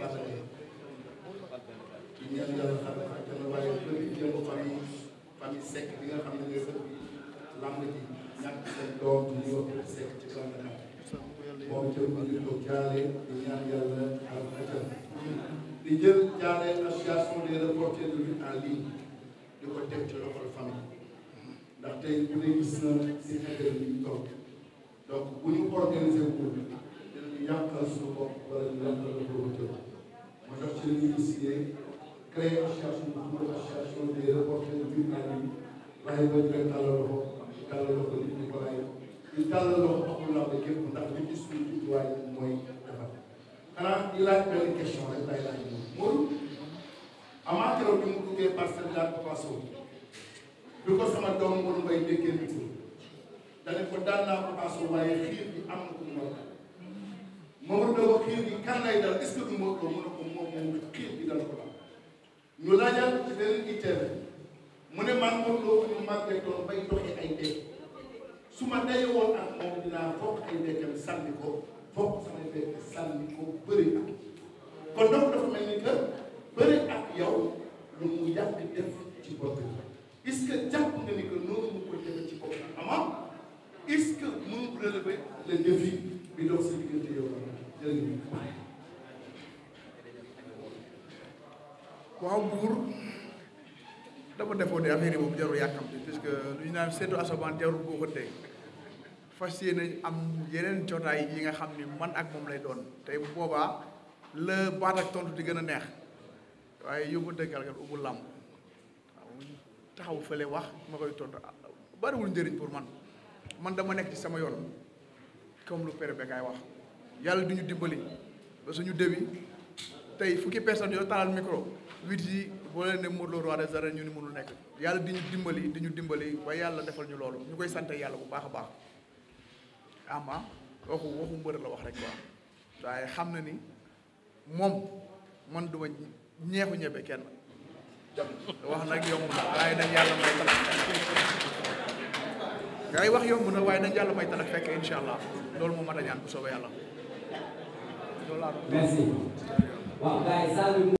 di ñaan yàlla xam ne xam ne waaye lépp yëngu famille famille Seck bi nga xam ne ñooy sëñ bi lamb ji ñàkk seen doom di ñëw Seck ci kanam kanam moom jël ko ñu ko jaale di ñaan yàlla alxajal di jël jaale association des reporters de lutte en ligne di ko teg ci loxol famille ndax tey bu ne gis na si xegal bi ñu toog donc bu ñu organisé wul dinañu yàqal suñu bopp wala ñu yàqal promoteur moo tax ci la ñuy décidé créer association bu tudd association des reporters biir naaj bi waaye ba ñu leen tàllal loxo tàllal loxo nit ñi ko laaj ñu tàllal loxo waxul làmb képp ndax li ci suñu jubluwaay mooy defar xanaa di laaj benn question rek lay laaj moom mooy amaa keroog bi mu duggee parcelle daal Papa Sow bi ko sama doom Mbour Mbaye déggee nit ñi dane ko daan naa Papa Sow waaye xiir bi am na ko mu war a moom xiir bi kan lay dal est-ce que du moo ko mën a moom moom ñu laajal mu ne man moom loo ñu màggee doon bay doxee ay dee su ma dee woon ak moom dinaa foog ay deekam sànni ko foog ko kon donc dafa mel ni que bëri ak yow lu mu yàgg def ci bopp est-ce jàpp nga ni que noonu mu ko defee ci bopp amaa est-ce que mënu relever le défi bi dox sa diggante yow waaw buur dama defoon ne affaire yi moom jarul yàkkamti ya, puisque lu ñu naan seetu asamaan jarul boo ko tey fas yéene am yeneen jotaay yi nga xam ni man ak moom lay doon tey bu boobaa la baat ak tontu di gën a neex waaye yóbbu dëggal kat ubbu làmb taxaw fële wax ma koy tontu bariwul njëriñ pour man man dama nekk ci sama yoon comme lu père Bekaay wax yàlla du ñu dimbali ba suñu début tey fukki personnes yoo talal micro huit yi boo leen ne Modou Lo roi des arènes ñu ni mënul nekk yàlla di ñu dimbali di ñu dimbali ba yàlla defal ñu loolu ñu koy sante yàlla bu baax a baax ama waxu waxu mbër la wax rek waaw waaye xam na ni moom man duma ñeexu ñebe kenn wax nag yomb waaye dañ yàlla may talag ngay na waaye dañ yàlla may talag fekk insha allah loolu moom ma dañaan bu soobee yàlla loolu laa merci waaw